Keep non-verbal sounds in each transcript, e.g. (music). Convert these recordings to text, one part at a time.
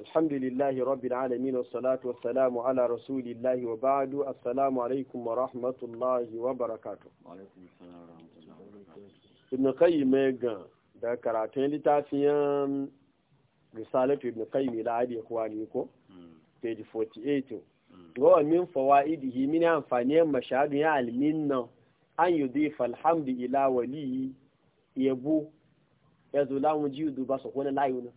الحمد لله رب العالمين والصلاة والسلام على رسول الله وبعد السلام عليكم ورحمة الله وبركاته وعليكم السلام ورحمة ابن قيم da karatun littafin risalatu ibn qayyim ila adi ikhwani ko hmm. page 48 hmm. wa min fawaidihi min amfani mashahadu ya alminna an yudifa alhamdu ila wali yabu ya zulamu jidu layuna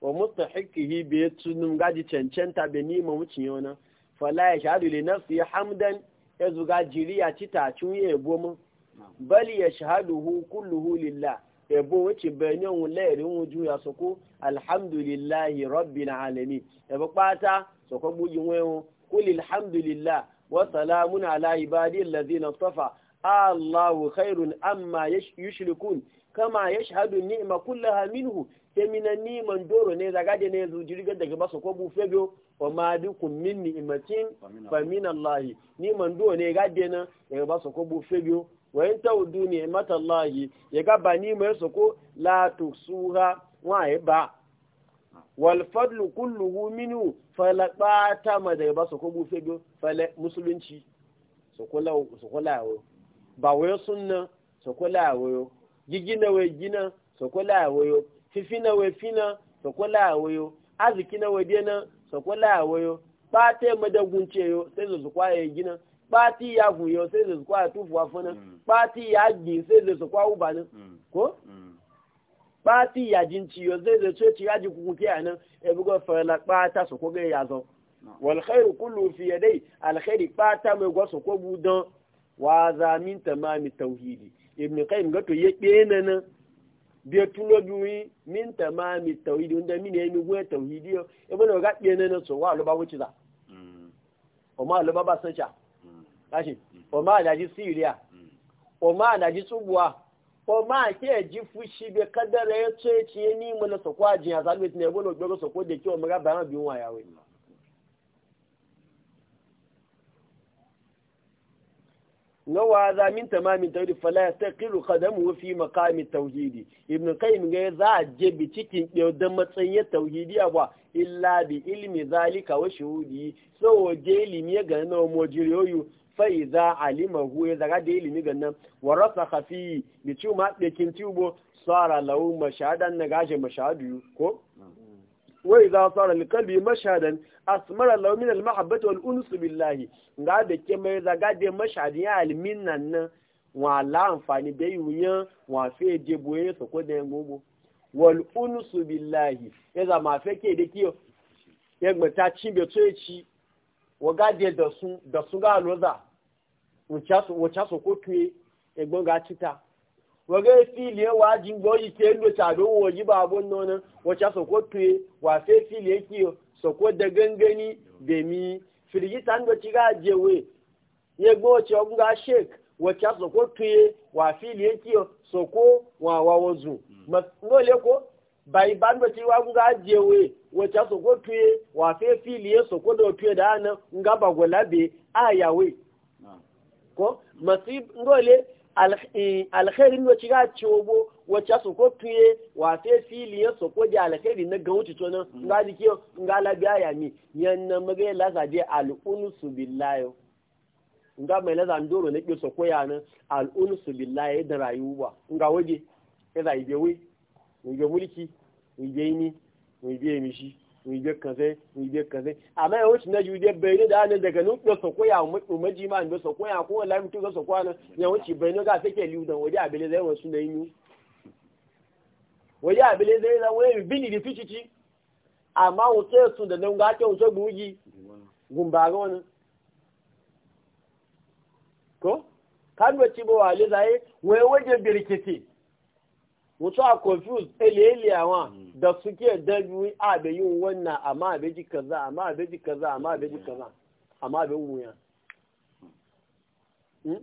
wa hi bi tunum gaji cancanta be ni ma wucin yona fala ya shahadu li nafsi hamdan yazu ga jiriya ci ta cun ye bo mu bal ya kulluhu lillah e bo lilla. be ni on le ri won ju ya soko alhamdulillahi rabbil alamin e bo pata soko bujin wewo kul alhamdulillah wa salamun ala ibadi alladhina tafa Allahu khairun amma yushrikun kama yashhadu ni'ma kullaha minhu emina ni man doro ne zaga de ne zu jirga daga basu ko bufe biyo wa ma min ni'matin fa min Allah ni man ne ga de na daga basu ko bufe biyo wa in Allah ya ga ba ni mai la wa ba wal fadlu kulluhu minhu fala ma daga basu ko bufe biyo musulunci ba wayo sunna wayo gigina wayo gina sokola wayo fifina we na sokola awoyo azikina we dena sokola awoyo pate madagunce yo sai zo su kwaye gina pati ya guyo sai zo su kwaye tufuwa fana pati mm. ya gi sai zo su kwaye ubanin mm. ko pati mm. ya jinci yo sai zo ce ya ji kukuke a nan e bugo fara pata su ko ga ya zo wal khairu kullu fi yadai al khairi pata mai gwa su ko budan wa zamin tamami tauhidi ibn qayyim ga to nan biya tulo biwi min tamami tauhidi wanda min ya mi gwe tauhidi yo e bona ga biya ne na so wa lo mm. ba wuce za o ma lo ba ba sancha mm. kashi mm. o ma da ji siriya o ma da ji tsubuwa o ma ke ji fushi be kadara ya ce ci ni mu na so kwa ji ya zalwe ne bona gbe so ko de ki o ma ga ba wa. ya we ga waza min tamamin tauhid fala yastaqiru qadamuhu fi maqami tauhid ibn qayyim ga za a je bi cikin da matsayin tauhidi abwa illa bi ilmi zalika wa shuhudi so waje ilimi ga nan mojiriyoyu fa idza alimahu ya zaga da ilimi ga nan warasa rasakha fi bi cuma da kin tubo sara lahu mashahadan na gaje mashahadu ko wa idza sara liqalbi mashahadan asmara law min al wal uns billahi nga da ke mai zaga de mashadi almin nan nan wa la amfani da yuyan wa fe je boye so ko da gogo wal billahi ma fe ke de ya gbata chi be to ci wa ga de da su da su ga loza cha so so ko egbon ga tita fíìlì ẹ̀ gbọ́ yìí ń tàbí bá a ń wọ́n pé wà fẹ́ fíìlì ẹ̀ kí o soko da gangani da mi firgitan da ci gaje we ye gbo ci ogun ga shek wacce soko tuye wa fili yake soko wa wa wozu mm. no le ko bai ban da ci wagun ga je we wacce soko tuye wa fe fili ye soko da tuye da nan nga ba golabe aya we ah. ko masib ngole alkhairin eh, wacce ga ci wacce su ko tuye wa fe fili ya so da alkhairi na ga wuce tonan mm. nga dike nga la biya ya mi yanna maga la za je billahi nga mai zan ne ke so ya nan al billahi da rayuwa nga waje ya za ibe we mu ga mulki mu ga ni mu ga mi shi mu ga kaze, mu amma ya wuce na jude bai da nan daga nan ko so ko ya mu maji ma ndo so ya ko la mutu ga so nan ya wuce bai ga take liu waje abele zai wasu da yi wòye àbílẹ̀ ẹ̀sẹ̀ ẹ̀sẹ̀ wọ́n èmi bíní di fíṣìṣì àmọ́ àwọn tó ẹ̀sùn wasu ńgá tó ń tó gbòógì ko kánú ẹtí bó wà lézàáyé wọ́n ewéjẹ́ bèrèkìtì wọ́n tó confuse eléèlé àwọn da suke a àbẹ̀ yìí wọ́n amma àmọ́ ji kaza àmọ́ àbẹ́jì kaza kaza amma wuya. Hmm?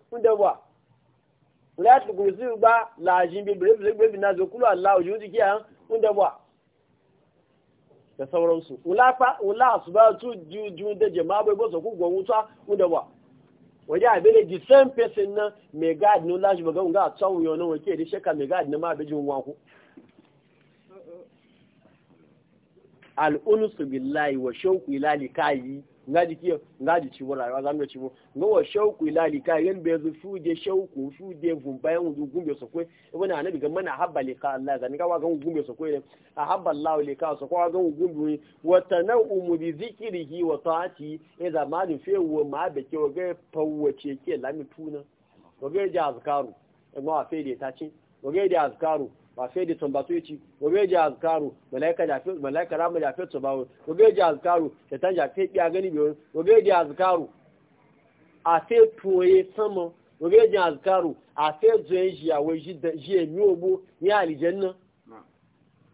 da ba la ta kursi ba la jin bi bre bre na zo Allah uju ji kiyan da sauransu ula fa ba tu ju ju da jama'a bai boso ku gwan wuta da ba waje abele the same person na me god no laji ba ga ga tsawu yo na wake da sheka me god na ma bi jin wanku al unsu billahi wa shauqi ila likayi ngaji kiyo ngaji cibo rayuwa za mu cibo ngo wa shauku ila lika yan be zu fuje shauku fuje vum bayan wudu gumbe so kwe ibn anabi ga mana habba lika Allah ga ga wa ga gumbe sokwe kwe a habba Allah lika so kwa ga gumbe wa tanawumu bi zikrihi wa taati idza e ma din fe wo ma be ke ga fawwace ke lami tuna wa ga ja azkaru ngo e a fe de ta ci wa ga da azkaru sai da tumbatu yaci wabe ji azkaru malaika rama jafe tubawo wabe ji azkaru da tan jafe biya gani biyo wabe ji azkaru a fe toye sama wabe ji azkaru a fe zoye shi ji da ji ya mi obo ni alijanna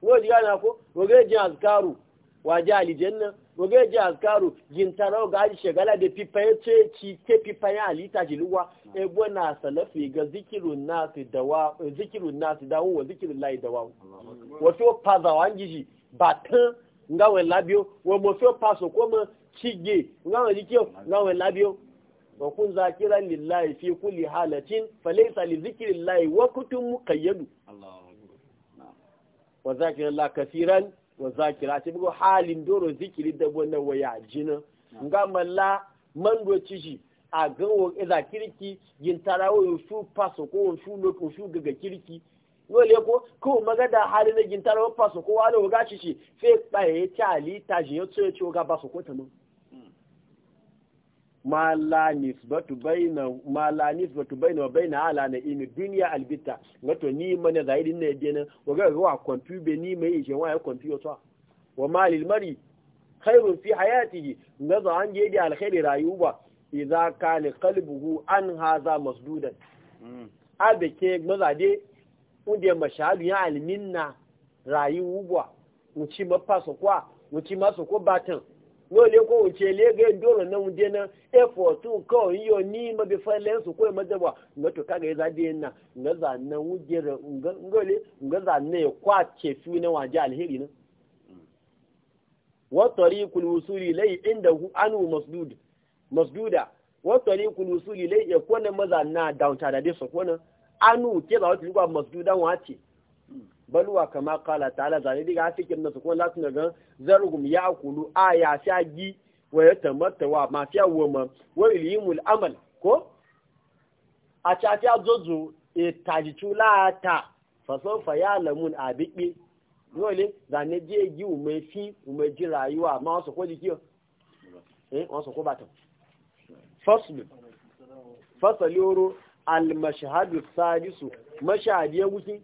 wo di gana ko wabe ji azkaru waje alijanna wage ji azkaru gintara ga ji shagala da pipa ya ce ci ke pipa ya alita ji luwa hmm. ebo salafi ga zikirun nasu dawa zikirun nasu dawo wa zikirun layi dawa hmm. wato paza jiji ba tan ngawe labio wa mo so paso ko mo chige ngawe jikio ngawe labio wa kun zakiran lillahi fi kulli halatin falaysa li zikrillahi wa kutum muqayyad Allahu akbar wa zakiran la kaseeran wa zakira ta bugu halin doro zikiri da wannan waya jina nga malla man do a ga wa kirki yin tarawo yin su paso ko yin su ko su daga kirki yole ko ko maga da hali na yin tarawo paso ko wala wa gashi shi fe pa ya ta ali ta je yo tsoye ga paso ko ta tanu ma la nisbatu baina ma la nisbatu baina wa baina ala na imi dunya albita wato ni mana zaidi ne dena waga wa be ni mai ishe wa ya kwamfuta wa malil mari khairun fi hayatihi ngazo an je da alkhairi rayuwa idza kana qalbuhu an hadha masdudan abe ke mazade unde mashadu ya alminna rayuwa mu ci mafaso kwa mu ci maso ko batan kwa ko wuce ga dole na wunde na f2 kawai yiyo ni ma bi falen su kawai nga to kaga nga za na nga ngole nga za na ya e kwace na waje alheri na wa tariqul wusuli lay anu masdud masduda wa tariqul wusuli lay maza e na downta da su kona anu ke balwa kama kala ala zane diga kirna su kuma lati daga zargum ya kulu a ya sha gi wa ya tamarta wa ma fiya woma wa ilimul amal ko a ca fiya zozo e taji culata fa ya lamun a biɓi dole zane je gi ume fi ume ji rayuwa ma wasu ko jikiyo eh wasu ko batan faslu fasali oro al mashahadu sadisu mashhadiya wucin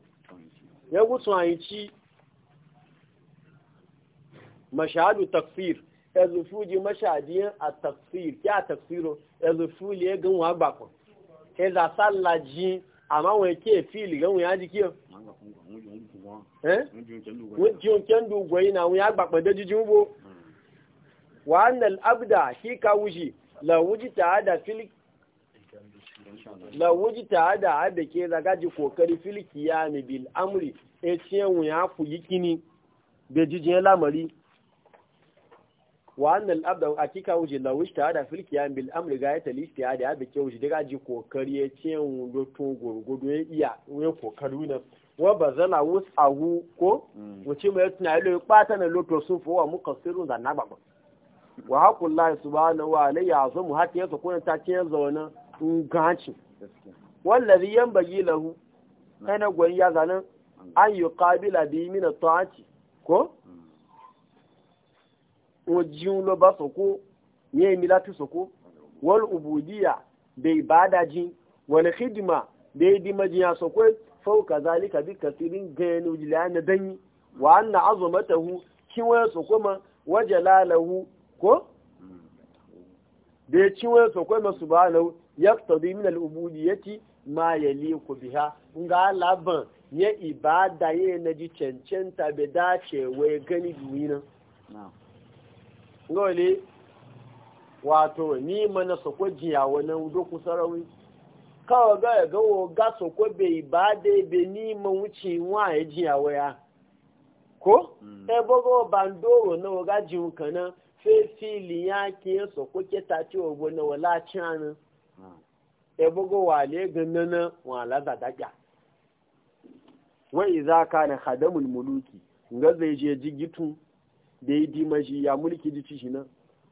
ya gutsu a yi ci mashahadu takfir ya zufu ji mashahadiyan a takfir ya takfiro ya gan wa ganwa bakon ya za salla ji amma wani ke fili ganwa ya ji kiyo eh? jiyon kendo gwai na wani ya bakon da jijin bo wa annal abda shi ka wuji la wuji ta da fili la wuji ta da hada ke zagaji kokari ya kiyami bil amri etiye wuya ku yi kini da lamari wa annal abda akika wuje la wuce ta da filki ya bil amri ga ta listi ya da abike wuje daga ji kokari ya ya e iya we kokari na wa bazala wus ko hmm. wuce mai na loto wa wa ya kuna ta ce zauna in gaci wallazi yanbaghi lahu hmm. kana an yi kabila bi mina ta'ati ko ojiyun lo ba soko ye mi lati soko wal ubudiyya da ibada jin wal khidma da hidima jin soko fauka zalika bi kasirin gani jilana danyi wa anna azamatahu kin waya soko ma wajalalahu ko da ya ci wani ma masu ba na ya tabi min al'ubudiyyati ma ya liku biha nga laban nye ibada ya na ji cancanta bai dace wai gani na gole wato ni mana sako jiya wani doku sarawi kawai ga ya gawo ga sako bai ibada bai ni ma wuce wa e ya jiya waya ko ebe hmm. ga bandoro na waga jiwu kanan fesili ya ke sako ke tace wa gona wala cana ebe ga wale na wala da daga wa iza kana khadamul muluki nga zai je jigitun da yi dimashi ya mulki ji shi nan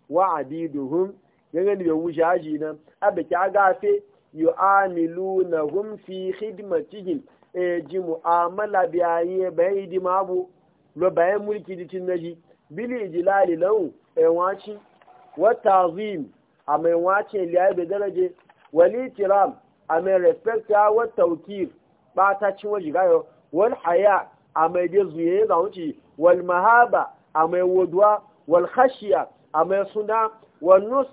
wa abiduhum yangan da wuce haji nan amilu na hum! fi khidmatihim e ji mu'amala yi bayan hidima abu lo bayan mulki ji cin naji bili ijilali lahu e waci wa tazim a mai wace liyaye da daraje wali tiram a mai respect ya wa taukir ba ta ci waje gayo wal haya a mai dai zuye za wal mahaba a mai waduwa wal khashiya a mai suna wal nus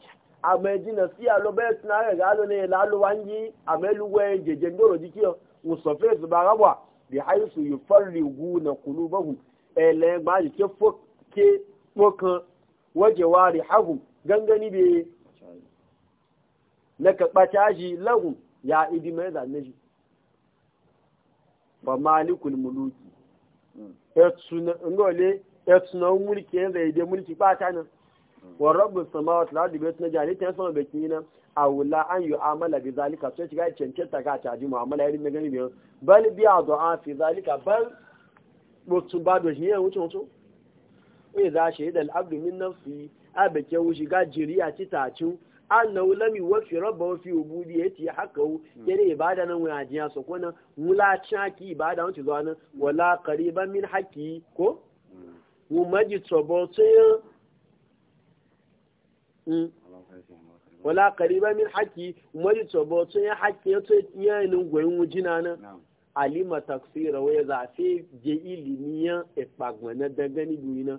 a mai ji siya lo bai suna ga galo ne lalo wangi a mai luwe jejen doro jikiyo musofe su ba rabuwa bi haisu yi farri gu na kulu bahu ele ba ji ke foke fokan waje wari hagu gangani bai na caji ya idi mai zane shi fa malikul muluki ngole mulki ya je mulki bata nan wa rabbus samawati la jani ta sama baki nan an bi zalika sai shiga cancanta ga caji mu'amala na gani biyan bal bi ad'a fi zalika bal mutum ba da shi ne wai za shi da al'abdu min a wuce ga jiriya ci tacin annahu lam yuwaffi rabbahu fi ubudiyyati haqqahu hmm. yana ibada nan wa ajiya so ko nan mula chaki ibada wanti zo nan hmm. wala qariban min haqqi ko mu hmm. maji tsobo tsaye wala qariban min haqqi mu maji tsobo tsaye haqqi ya tsaye yayin goyin wujina nan alima taksira wa ya zafe je e ya daga ni duniya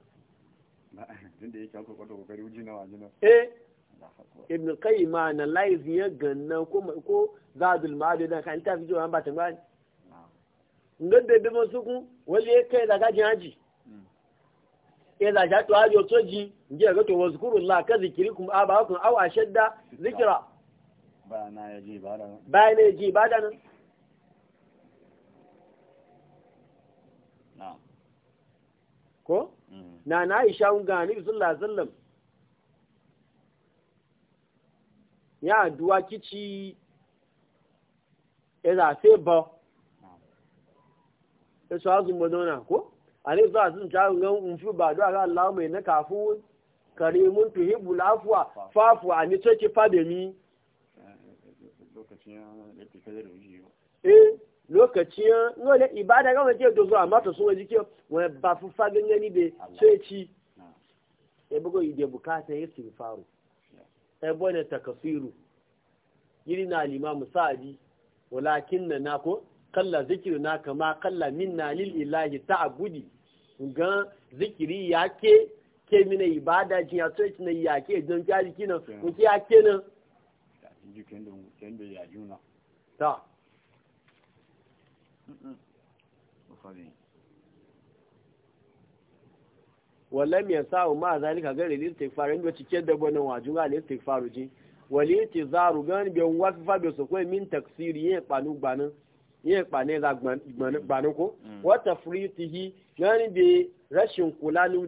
(laughs) tunda yake aka kwato kokari uji nawa eh ibn qayyim ya ganna ko ko zadul ma'ad dan kan ta fijo an ba ta gani ngan da su ku kai daga da ja mm. eh, to ajo toji nje ga to wazkurullah ka zikrikum abakum aw ashadda zikra ba na yaji ba da ba ne yaji ba da nan ko na na isha ga ni sallallahu alaihi wasallam ya duwa kici eza fe ba so azu modona ko ani sallallahu alaihi ta ta ga unfi ba do ga Allah mai na kafu karimun tuhibul afwa fafu ani take fademi lokacin ya da take da ruji eh lokaci ngole ibada ga ce dozo amma to sun waje ke wa ba fu fagin gani be sai ci e bugo ide bukata ya faru e bone takasiru yiri na al-imam walakin na na ko kalla na kama kalla minna lil ilahi ta'budi ga zikiri ya ke mina ibada ji ya so na ke don kyali kinan ko yake nan ta wallam ya sa'u ma zalika gari istighfar cike da gwanin wajin ga ji ti fa bi so ko min taksir ye panu gbanin ye pane za gbanin ko mm. wa tafritihi gan bi rashin kula nu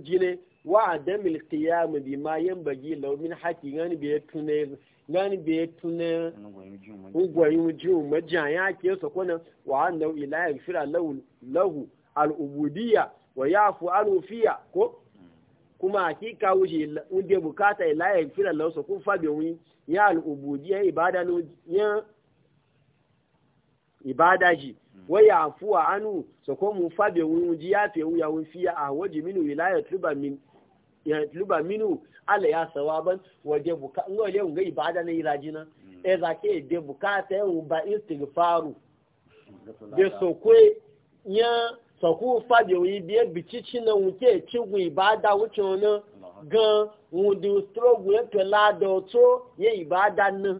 wa adamil qiyam bi ma min bi gani bai ya tuna ugwayin jiwu majiya ya ke yasa kwanan wa annan ila ya fira lahu al'ubudiyya wa ya fu anufiya ko kuma hakika wuce wunde bukata ila ya fira lahu sa kun fabe wuni ya al'ubudiyya ibada ya ibada ji hmm. wa ya fu anu sa ko mu fabe wuni ya fi wuya wun fiya a waje minu ila ya tuba min ya tuluba minu ala ya sawaban waje buka ngo le ngai ibada ne irajina mm. e zake de bukata e ba istighfaru de sokwe nya soku fade wi bi bichichi na wuke chigu ibada wuce ona gan wudu strogu e to lado to ye ibada na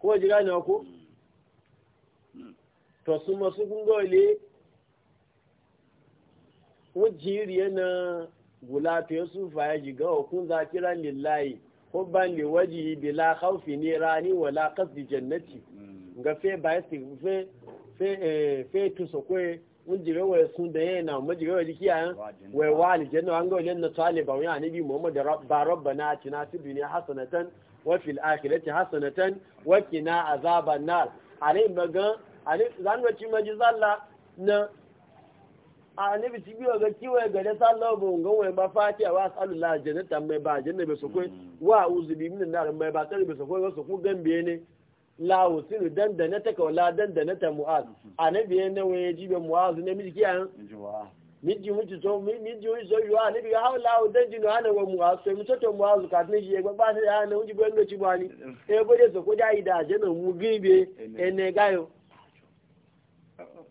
ko jiga ne ko to suma su kungo le wajiri yana gulafi yasu faya jiga wa kun zakira lillahi hubban li waji bila khawfi ni rani wala qasdi jannati mm. ga fe ba yasi fe fe eh, fe to sokwe wajiri wa sun da yana majiri wa dikiya wa wali janna an ga janna taliba wa nabi muhammad ba rabbana atina fid dunya hasanatan wa fil akhirati hasanatan wa qina azaban nar alai maga alai zanwaci majizalla na annabi ci biyo ga kiwa ga da sallahu bu ga wai ba fatiha wa sallallahu jannata mai ba janna be sokoi mm. wa uzubi min nar mai ba tare be sokwe so ku gambe ne la usiru dan da na taka wala dan da na ta mu'az annabi ne wai ji be mu'az ne miji kiyan miji miji to miji miji so yuwa annabi ga hawla u dan jinu ana wa mu'az so mu to mu'az ka ne ji e, ba ba sai ana uji be ngoci ba ni e bo de sokoi da ida janna mu gibe ene e gayo uh, uh.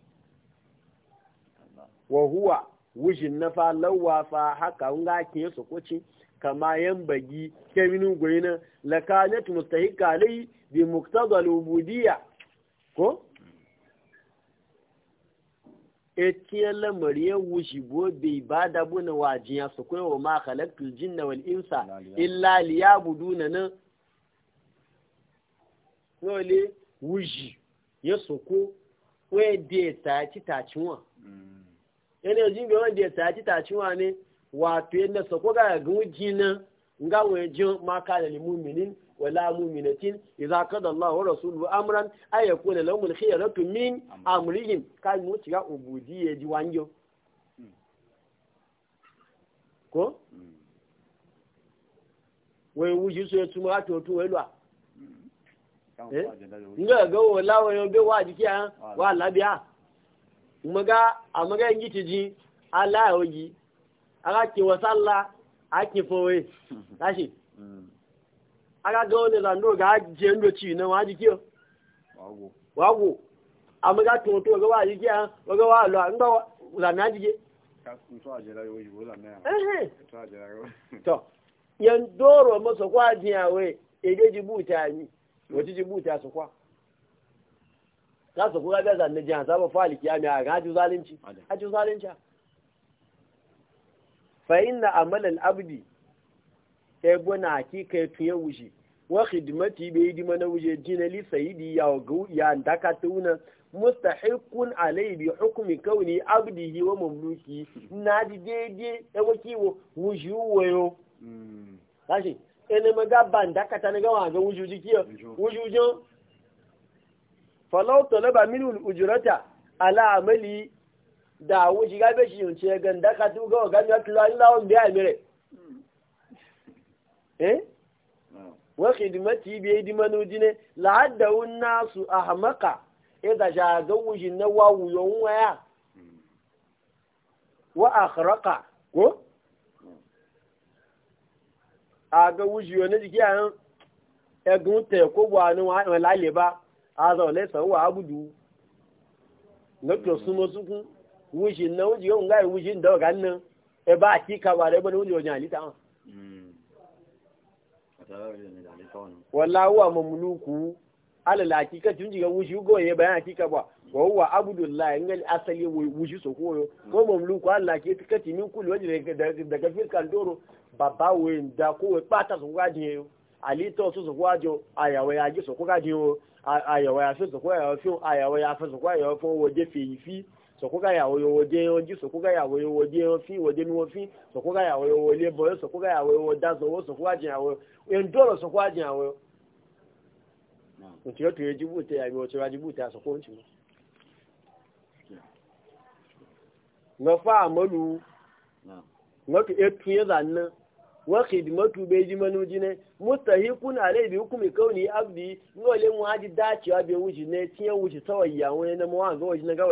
wa huwa wujin na fa lawa fa haka nga ke su kuci kama yan bagi keminu goyina lakanat mustahika alai bi muqtada al-ubudiyya ko etiyar lamariyar wushi bobe ba da buna ya su kai ma halaktul jinna wal insa illa liyabudu na nan wushi ya soko wai da ya ta taci wa mm. yana jin bai wanda ya taci taciwa ne wato yadda sa ko ga guji na nga wajen maka da limuminin wala muminatin idza qada Allahu wa rasuluhu amran ay yakuna lahum al-khiyaratu min amrihim kai mu ciga ubudiyye ji wanjo hmm. ko wai hmm. wuji so ya tuma to to wai lwa nga ga wala wa yobe wa jiki an wa labiya maga a maga yin gici ji Allah ya hoji aka ke wa sallah ake fowe tashi aka ga wani zando ga je ndo ci na waji kiyo wago a maga to to ga waji kiya ga wa lo an ga zanna jige to yan doro masa kwaji yawe ede jibuta ni wata jibuta su kwa za su biya zane na jihar sabon fali kiyami a hajji zalunci hajji zalunci fa inna amal abdi yi buna hakika ya tuye wuce wa khidmati bai hidima na wuce jina li sayidi ya ga ya daka tuna mustahiqun alayhi bi hukumi kauni yi wa mamluki na di daidai ya wakiwo wayo yo mm. kashi ene maga ta na gawa ga wujuji kiyo wujujin falau talaba min ujurata ala amali da wuji gabe shi yunce ganda ka tu ga ga ya tula ila on da amire eh wa khidmati bi idmanu dine la adda nasu ahmaqa idha ja ga wuji na wa wuyon waya wa akhraqa ko a ga wuji yo na jiki an egun te ko bo anu wa lale ba aza ole sa wa abudu na to sumo suku wuji na wuji yo ngai wuji ndo e ba ki ka bare bane wuji wajen alita hmm. wala huwa mamluku ala la hakika tun jiga wuji go ye bayan ba wa huwa asali so ko hmm. mamluku baba da ko we so so so àyẹ̀wò yàtọ̀ sọ̀kọ́ àyẹ̀wò fún àyẹ̀wò yàtọ̀ sọ̀kọ́ àyẹ̀wò fún wòde fèyìfì sọ̀kọ́ àyàwó yòwò dé fi sọ̀kọ́ àyàwó yòwò dé òfin ìwòde ní òfin sọ̀kọ́ àyàwó yòwò lé bọ̀yọ̀ sọ̀kọ́ àyàwó yòwò dázọwọ́ sọ̀kọ́ àjìyàwó ẹ̀ńdọ́rọ̀ sọ̀kọ́ àjìyàwó òtí ọ̀tún yẹ jìbùtẹ̀ àmì ọ̀tún yẹ jìbùtẹ̀ àsọ̀kọ́ òǹtì mọ́. ngọ́fà àmọ́lu ngọ́kì ètú etu zàn náà wa khidmatu be ji manuji ne mustahikun alai bi hukumi kauni abdi ngole mu haji dacewa be wuji ne tiye wuji tawayya wani na mawa ga waji na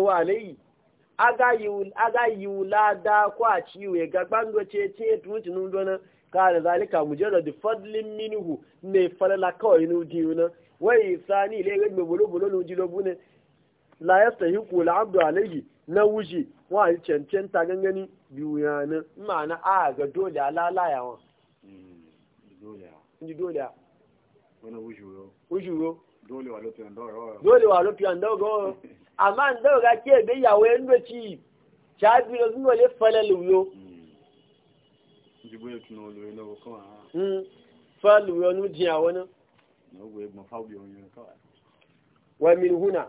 wa alai aga yiwula da kwa ciwe ga gbango ce ce tunci nun dona kana zalika mujarrad fadlin minihu ne falala kawai wai sani la abdu na wuji wa yi cancanta gangani biyu yanin ma'ana a ga dole a lalaya wa hmm, dole a wujuro dole wa lopi an dawo gawo amma an dawo ga ke bai yawo yan doci ta biyu da zuwa le falalu yo hmm. jibuye tuno lo hmm. nu wani wa min huna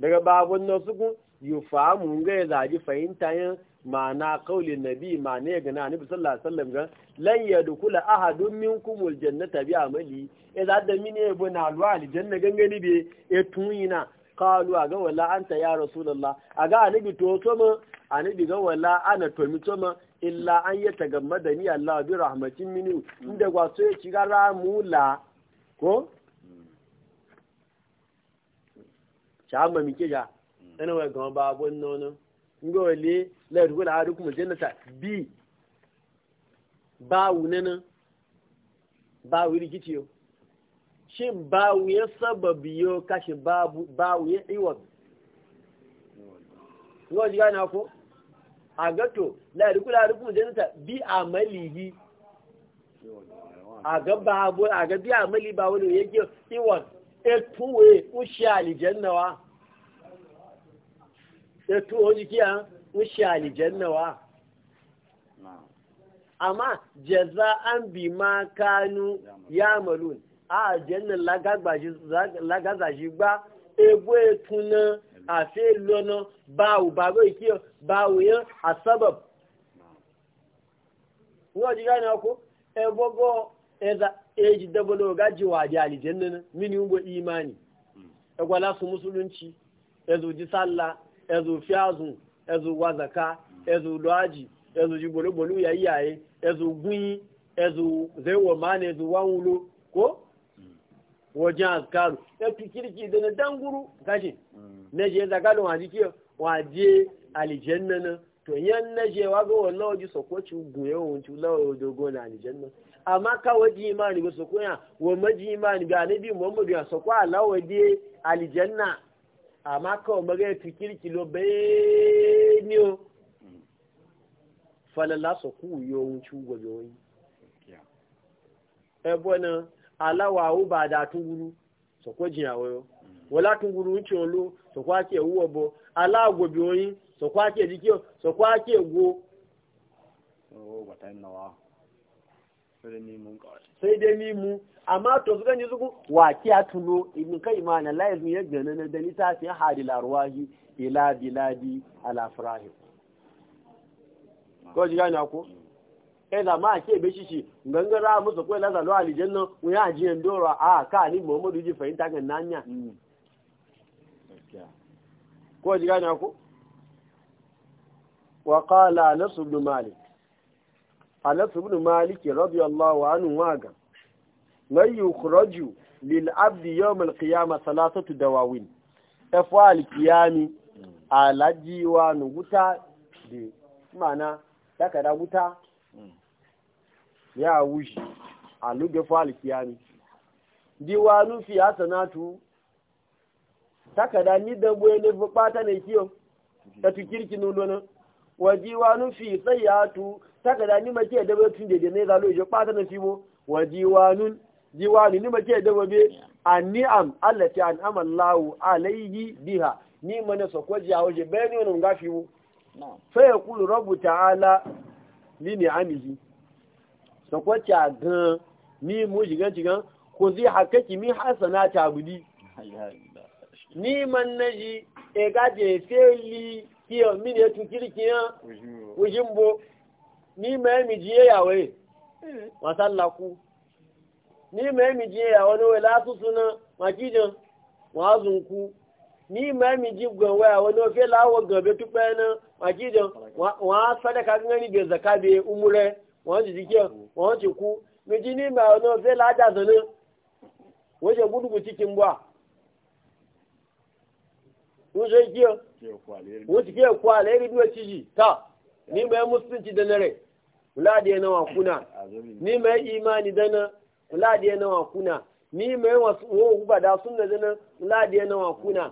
daga babun nasu yufamu ga ya zaji fahimta yin ma'ana kaulin nabi ma'ana ya gana nabi sallallahu alaihi wasallam ga lan yadkhula ahadun minkum aljannata bi amali ya e da mini ya bu na alwa aljanna gangani be ya tunina qalu aga wala anta ya rasulullah aga anabi to so ma anabi ga wala ana to mi so ma illa an yatagammada ni allah bi rahmatin minu inda gwaso ya cigara mula ko Chama hmm. mikeja. ana wai gama ba abun nono nga wale la ruwa la haru kuma jannata bi ba wunana ba wuri gitiyo shi ba wuyan sababi yo kashi babu ba wuyan iwon nga wajen gana ko a gato la ruwa la haru kuma jannata bi amalihi a ga babu a ga bi amali ba wani yake iwon etuwe ushe alijannawa etu oji kiya wushi alijanna wa amma jaza an bi ma kanu ya malun a jannan lagaza gba ebo etu na a fi lona bawu babu ikiyo bawu yan a sabab ní ọjí gáà ní ọkú ẹgbọ́gọ́ ẹjì dábọ́lọ́ gájì wà àdí àlìjẹ́ nínú mínú imani ìmáni ẹgbọ́lá sun ezo ji sallah. ezu fiazu ezu wazaka ezu lọ́ájì ezu jìgbòlógbòló yàyíyàyé ẹ̀zù gúnyín ẹ̀zù zẹ́wọ̀ máa ní ẹ̀zù wáwúlò kó wajen azkaru ɗauki kirki da na danguru kashi mm. na je zaka da waje ke waje alijanna na to yan na je wa ga wannan waje sokoci guye wa wancu lawa dogo na alijanna amma ka waje imani ga sokoya wa maji imani ga nabi muhammadu ya soko alawa de alijanna amma kawai maga fi kirkilo bai o falala su ku yawon cugo yawon ebe na alawa o ba da tunguru su ko jin yau wala tunguru wuce olu su kwa ke wuwa bo alawa gobe yoyin su kwa ke jikiyo su kwa ke go sai dai ni mu, amma to su ganye zuku waki a tuno ibn kai imana la yazmi ya gana na dani ta fi hadil arwahi ila biladi ala firahi ko ji gane ko eh da ma ke be shi shi gangara musu ko la zalu aljanna mu ya ajiyan dora a ka ni muhammadu ji fahimta kan nanya hmm. ko ji gane ko wa qala nasu bin malik anas ibn malik radiyallahu anhu waga man yukhraju lil abdi yawm al qiyamah salatatu dawawin afwa alikiyami alaji wa nuguta de mana taka da guta ya wushi aluge fa alikiyami. qiyami diwanu fi hasanatu taka da ni da boye ne fa pata ne kiyo ta tukirki nuno na sai ya tu. takada ni ma ke da tun da ne zalo je kwata na timo wa diwanun diwani ni ma ke da be an'am allati an'ama Allahu alayhi biha ni ma na sokoji a waje bayani wannan gafi mu sai ya kulu rabbu ta'ala li ni'amihi sokoci a gan ni mu jigan jigan ko zai hakaki min hasana ta budi ni man naji e gaje feli kiyo min ya tukirkiya ujimbo ní mẹ́mí jí èyàwó wọn sálàkú ní mẹ́mí jí èyàwó ní wẹ́lá tuntun náà wọn jíjọ wọn á zùn kú ní mẹ́mí jí gan wẹ́yàwó ní òfé láwọ̀ gan bí túpẹ́ náà wọn jíjọ wọn á sádẹ́ka gángan ní gbèsè kábi umúrẹ́ wọn ti jíjẹ wọn ti kú méjì ní mẹ́wọ́ ní òfé lájàzọ náà wọ́n ṣe gbúdùgbù títí ń bọ̀ wọ́n wọ́n ti kí ẹ̀kọ́ àlẹ́ rí bí wọ́n ti yìí ta ní ti kula da yana wakuna ni mai imani dana kula da yana wakuna e e, mm. mm. ni mai wasu wohu ba da sun da dana kula da yana wakuna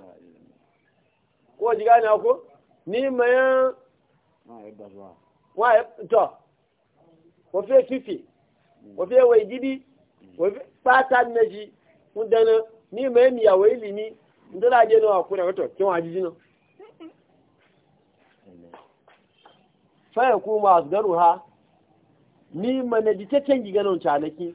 ko ji gane ko ni mai wa to wafe fifi wafe wai gidi wafe fata na ji kun dana ni mai miyawa ilimi ndola da yana wakuna wato kin wajiji na fa yakuma asgaruha ni mana ji cancan giganon canaki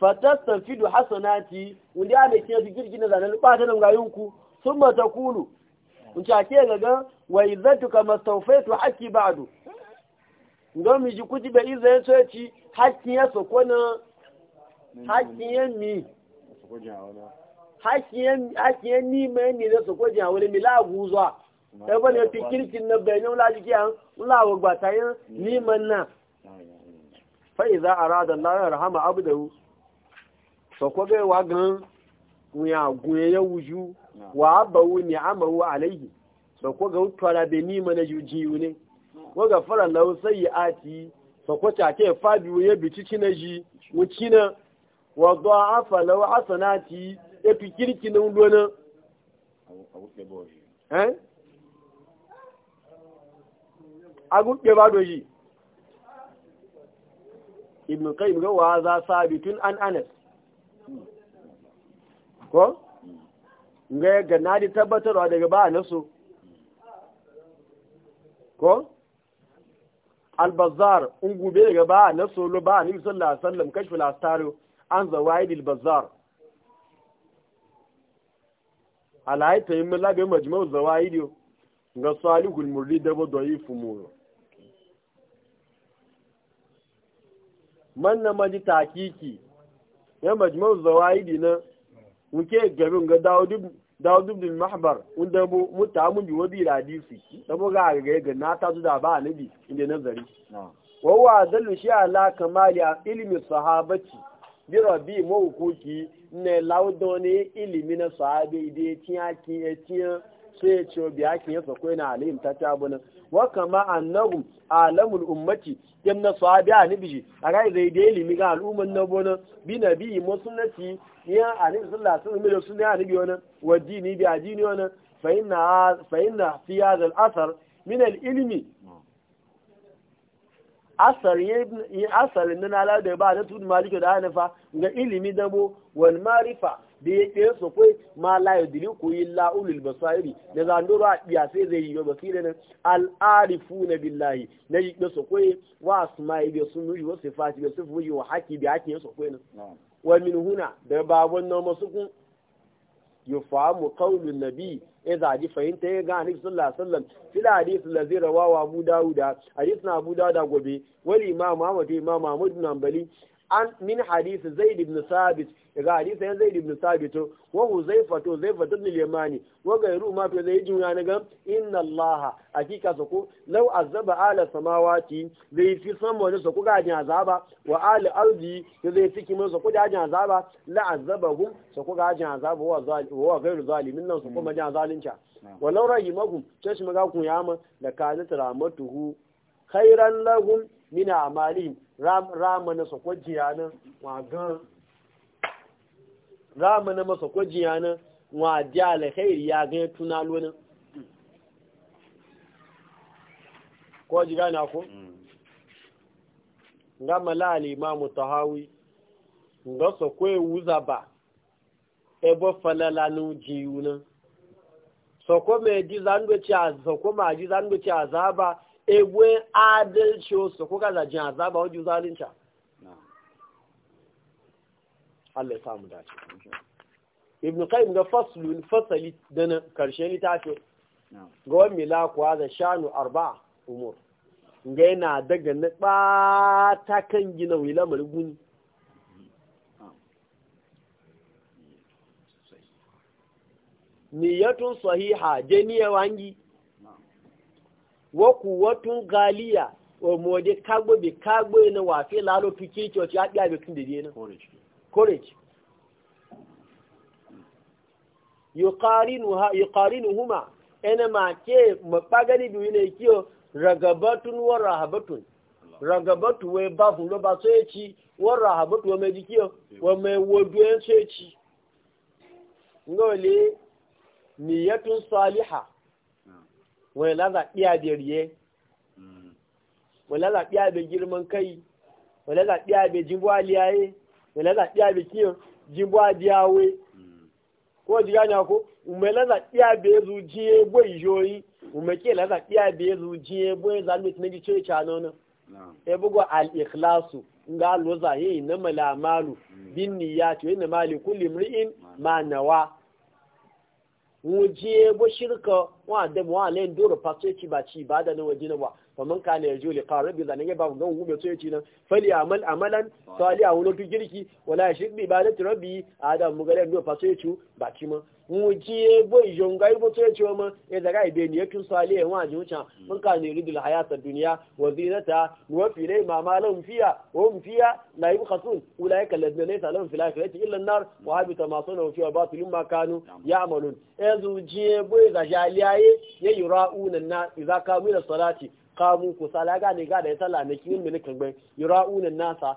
fatastan fido hasanati wanda ya da ke su na zanen ɓata nan gayinku sun mata kulu in cake gaga wa izzatu kama staufaitu ba ba'du don mi ji kuji bai izayen soci haƙƙin ya na haƙƙin ya mi haƙƙin ya ni mai ni da sokojin a wani mila guzuwa ẹgbẹ́ ni ẹtì kìrìkì ní ọbẹ̀ ní ńlá jíkí àwọn ńlá àwọn ní náà ara da rahama abudawu sọ̀kọ́ bẹ́ẹ̀ gan wọn yà gùn wà á ní àmàwú àlẹ́yìn sọ̀kọ́ gan tọ́ra bẹ́ẹ̀ ní ìmọ̀ náà jí wọ́n gà fara sẹ́yìn àti wọ́n wọ́n agurɓe ba doji ibn kai ga wa za sabitun an anas ko ga ganadi tabbatarwa daga ba nasu ko Albazar un gube daga ba nasu lo ba ni sallallahu alaihi wasallam kashful astaro an zawaid al-bazzar alaita yin mulabe majmu'u zawaid ga salihul muridi da da'ifu muro man na maji takiki ya majmau zawaidi na nke gabin ga dawud ibn mahbar unda mu mutamu bi wadi hadisi sabo ga ga ga na ta da ba nabi inda nazari wa a dallu shi ala kamali ilmi sahabati bi rabbi mawkuki ne laudoni ilmi na sahabi ide tiaki tiya sai ce bi akin yasa ko na alim ta wa kama annahum alamul ummati yamna sahabi annabi a ga zai da limi ga al'umman na bonan bi nabi musunnati ya annabi sallallahu alaihi wasallam da sunna annabi wannan wa dini bi ajini wannan fa inna fa inna fi hadha al-athar min al-ilmi asar yin asarin nan ala da ba na tudu maliki da hanafa ga ilimi dabo wal marifa da ya ƙe su kai ma la ya dili ku yi la'ulul basairi da zandoro a biya sai zai yi wa basira nan al'arifu na billahi na yi ƙe su kai wa yi da sun nuyi wa sifati da sun fuji wa haƙi da haki ya su kai nan wa min huna da babon na masu kun yufamu qaulun nabi idza ji fahimta ya ga annabi sallallahu alaihi wasallam fil hadith allazi rawahu abu dawuda hadisi na abu dawuda gobe wali imam amadu imam amadu na hanbali an min hadisi zaid ibn sabit daga hadisi yan zaid ibn sabit wa huzaifa to zaifa ibn al-yamani wa gairu ma fi zai ya naga inna allaha hakika su ko law azaba ala samawati zai fi sama ne su ko ga jin azaba wa ala ardi zai fi kimin su ko ga jin azaba la azabahum su ko ga jin azaba wa zalim wa gairu zalimin nan su kuma jin zalunta mm. wa law rahimakum sai shi maga ku yama da kanat rahmatuhu khairan lahum min a'malihim rama na sokwa jiyana wa na masokwa jiyana wa di alkhairi ya gan tuna lona ko ji gane ko mm. ga malali imamu tahawi ga sokwa wuza ba ebo falalanu jiyuna sokwa me ji zanbe a ma ji zanbe ci azaba egwe adalci wasu ko kaza jin azaba wajen zalunta Allah ya samu dace ibn qayyim da faslun fasali da na karshe ni littafi ga wani milakuwa da shanu arba umur ga yana daga na ɓata kan gina wila mariguni niyatun sahiha je niyya wangi woku kuwatun galiya wa mode kagbo bi kagbo na wa fi lalo tuki ki oti abi abi tun de na courage yuqarinuha yuqarinuhuma ena ma ke mapagani bi ne kiyo ragabatun wa rahabatun ragabatu we ba fun lo ba so echi wa rahabatu wa meji kiyo wa me wodu en so echi ngole niyatun salihah wani lazaɓiya da riye mm. wani lazaɓiya da girman kai wani lazaɓiya da jimbo aliyaye wani lazaɓiya da kiyan jimbo adiyawe mm. ko ji gani ko ume lazaɓiya da ya zu jiye bai joyi ume ke lazaɓiya da ya zu jiye bai zalmi tunan ji ce cano na ya e bugu al-ikhlasu nga loza yayi na malamalu mm. bin niyyati wa inna mali kulli mri'in ma nawa wuje bo shirka wa da wa len doro pato ci ba ci ba da na waje na ba fa man kana yarju li qarabi zan ga ba ga wu me to ci nan fali amal amalan salih a wani girki wala shirki ibadatu rabbi adam mu ga len doro pato ci ba ci ma wuce bai jonga ibo to yace ma ya e daga ibe ne yakin sale ya waje wuce mun ka ne ridul hayata dunya wa zinata wa fi lay ma malum fiya wa hum fiya la yubkhasun ulaika alladhina laysa lahum fil akhirati illa an-nar wa habita ma sanu fi batilun ma kanu ya'malun yanzu e je bai e da jaliyaye ya yura'una na idza kamu ila salati kamu ku salaga ne ga da sallah ne kin min kan bai yura'una nasa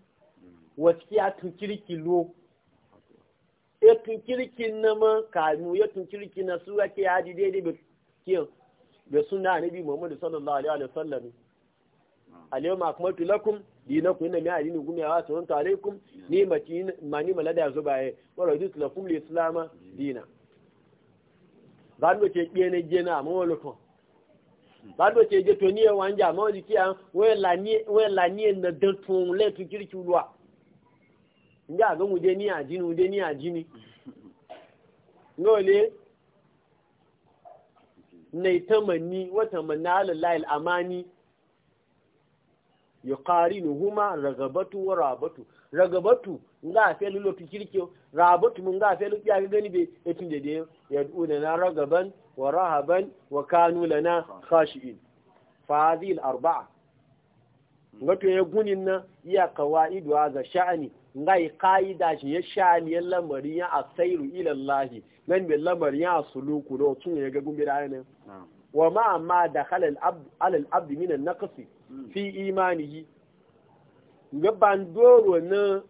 wasu ya kirki lo ya tunkirki na ma kanu ya tunkirki na su ake yaji daidai da suna bi muhammadu sallallahu alaihi wa sallam wa akmaltu lakum dinakum inna ma adini gumi wasu sallallahu alaikum ni mati mani malada yazo baye wa raditu da lislama dina zando ke na jena a wala to zando ke je to ni wanja amma wali kiya wala ni wala ni na dan to kirki ruwa njẹ́ àgọ́ mu dé ní a dé ní àjíni ngole nai tamanni wata manala lail amani ya kari ni huma ragabatu wa rabatu ragabatu nga a felu lotu kirkiyo rabatu mun nga a felu ya gani be etin da da ya na ragaban wa rahaban wa kanu lana khashi'in fa hadhihi al-arba'a ngato ya gunin na ya qawaidu hadha sha'ani ngai kaida shi ya shani ya lamari ya asairu ila Allah nan bi lamari ya suluku do tun ya ga mira ne wa ma amma dakhala al abd ala al abd min an naqs hmm. fi imanihi gaban doro na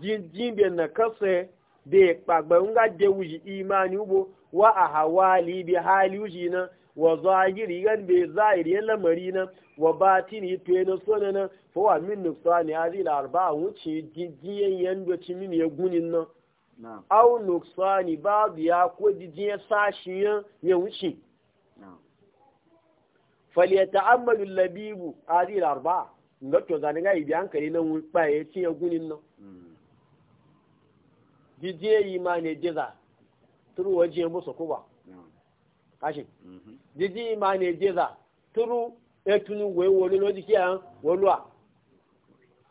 jinjin na kase da kpagba ga de wuji imani ubo wa ahawali bi hali wuji na wa zahiri gan be zahiri ya lamari na wa batini pe na sonana kowa min nuksani hadhihi al-arba'a wuce jijiyen yando ci min ya gunin nan aw nuksani babu ya ko jijiyen sashiyan ya wuce falyata'ammalu al-labibu hadhihi al-arba'a to zane ga ibi hankali nan wuce ya ci ya gunin nan jijiyen hmm. ne jiza turu waje musu kuba kashi jijiyen mhm. ne jiza turu etunu wai wani lojiki a wani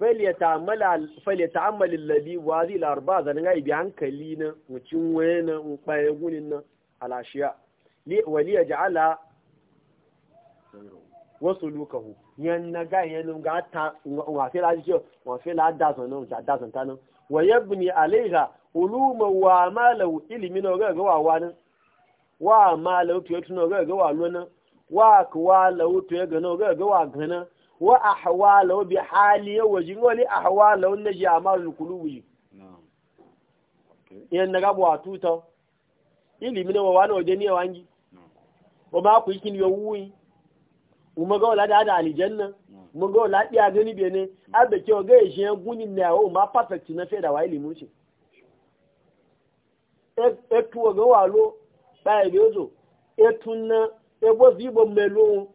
faliya falyata'ammal alladhi wa zil arba zan ga bi hankali na mucin waye na baye gunin na alashiya li wali ala wasu lukahu yan na ga yan ga ta wa fi la jiyo wa fi la da zan no da zan ta no wa yabni alayha uluma wa malau ilmi no ga ga wa wa nan wa malau to to no ga ga wa lo wa ka wa lau to ga no ga ga wa ga wa ahwalahu bi hali waji wani ahwalahu na ji jamalul yi. yan daga bwa tuta ilimi na wa wani waje ne wangi wa ma ku ikin yo wuyi uma ga wala da da aljanna mun ga wala biya gani be ne abbe ke ga yeshe gunin na o ma perfect na fe da wa ilimin shi e, e tuwa ga walo ba e bezo e tunna e bo zibo melo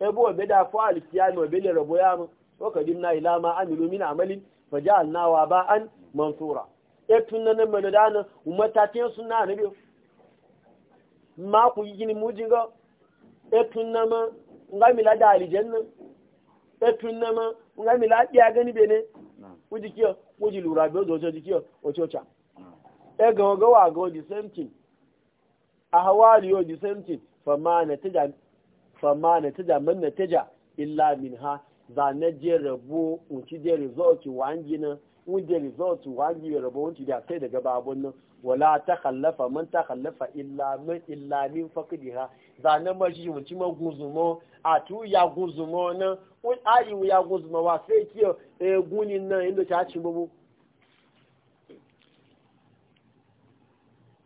ebo obe da fo alkiyami obe le rabo ya mu wa kadimna ila ma amilu min amalin fajalna wa ba an mansura e na nan mana da nan umata tin sunna ne bi ma ku yi gini mujinga e tunna ma nga mi la da aljanna e tunna ma nga mi la biya gani bene uji kiyo uji lura be do so kiyo o chocha e ga ga wa go di same thing ahwali yo di same thing fa ma na tija fama na taja man na taja illa min ha za na je rabo unci je resort wangi nan un je resort wangi ya rabo unci da kai daga babun nan wala ta khallafa man ta khallafa illa min illa min faqdiha za na maji unci ma guzumo a tu ya guzumo nan un ayi ya guzumo wa sai ki e gunin nan inda ta ci bubu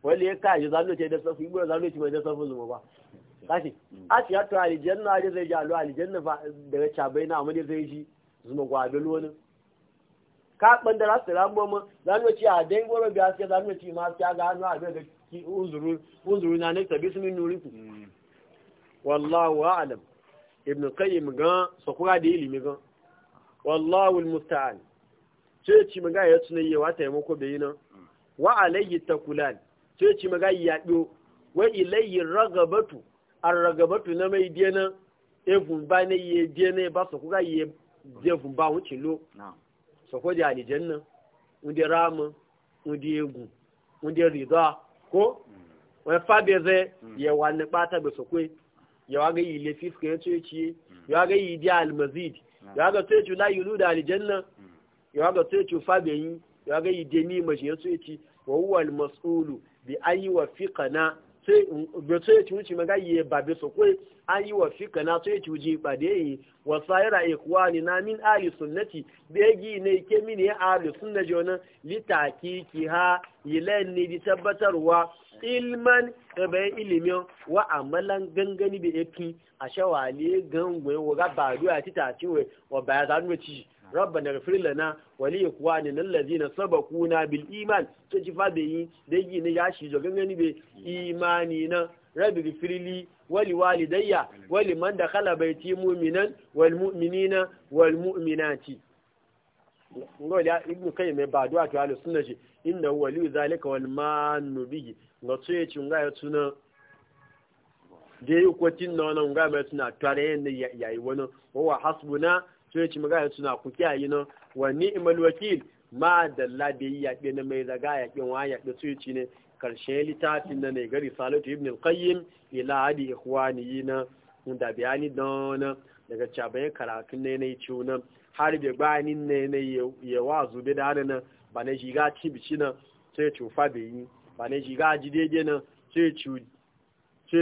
wani ya kaji zanu ce da safi ibo zanu ce mai da safu zuma ba kashi mm. a ci yato alijanna ne zai ji alo alijanna daga cabai na amma zai ji zuma gwadon wani ka ɓanda za su rambo mu za mu ci a dai goro biya ke za mu ci ma ya ga hannu a bai da unzuru na nai tabi su min nuri ku mm. wallahu alam ibn qayyim ga sakura da ilimi ga wallahu almusta'an ce ci maga ya tunai wa taimako bai nan mm. wa alayhi takulan ce ci maga ya dio wa ilayhi ragabatu arragabatu na mai dena evun e ba ne ye dena ba su kuka ye jevun ba wuce lo so ko da alijanna unde rama unde egun unde rida ko mm. wani fabe zai mm. ye wani bata be so kwe ya waga yi lefis ka e. mm. ya ce ya waga yi di almazid ya waga ce ci la yulu da alijanna ya waga ce ci fabe yi ya waga yi deni mashi ya ce ci wa huwa almas'ulu bi ayi wa fiqana sai ci wuce maga yi ba bi so an yi wa fika na sai ci wuce ba da yi wa sayira ikwani na min ali sunnati begi ne ke min ya ali sunna jona li takiki ha yilan ne di tabbatarwa ilman da bai ilimin wa amalan gangani bi epi a shawale gangwe wa ga ba a wa ya ci rabbana ighfir lana wa li bil iman to ji fa be yi ne ya shi jogan gani be imani na rabbi ighfir li wa li walidayya wa liman dakhala bayti mu'minan wal mu'minina wal mu'minati ngol ya ibnu kayyim ba du'a to alu sunna ji inna huwa li zalika wal ye chunga ya tuna sai ci magana suna ku kiyaye nan wani imal wakil ma da da yi yaƙe na mai zaga yaƙin wa yaƙe su ci ne karshen littafin na ne gari salatu ibn al-qayyim ila adi ikhwani na da bayani don daga cabayin karatun ne na ci nan har da bayanin ne na yawa zube da hannun ba na shiga ci bici nan sai fa bai yi ba na shiga ji daidai nan sai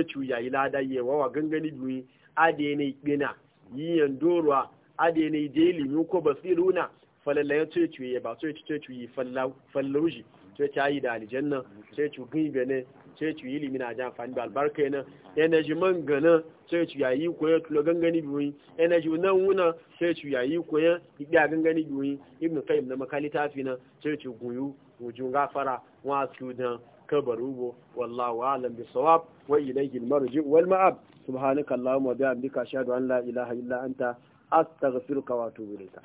cu yayi lada yawa wa gangani duyi ade ne ikpe na yi yan doruwa ade ne daily mu ko basiruna falalla ya ce ciye ba ce ce ciye fallauji ce ta ayi da aljanna ce ci gibe ne ce ci yi limina da amfani da albarka ne energy man gana ce ci yayi ko ya tula gangani biyu energy nan wuna ce ci yayi ko ya ibiya gangani biyu ibn kayyim na makalita fi na ce ci guyu wujun gafara wa sudan kabarubo wallahu a'lam bisawab wa ilayhi almarji wal ma'ab subhanaka allahumma wa bihamdika ashhadu an la ilaha illa anta astaghfiruka wa atubu ilayka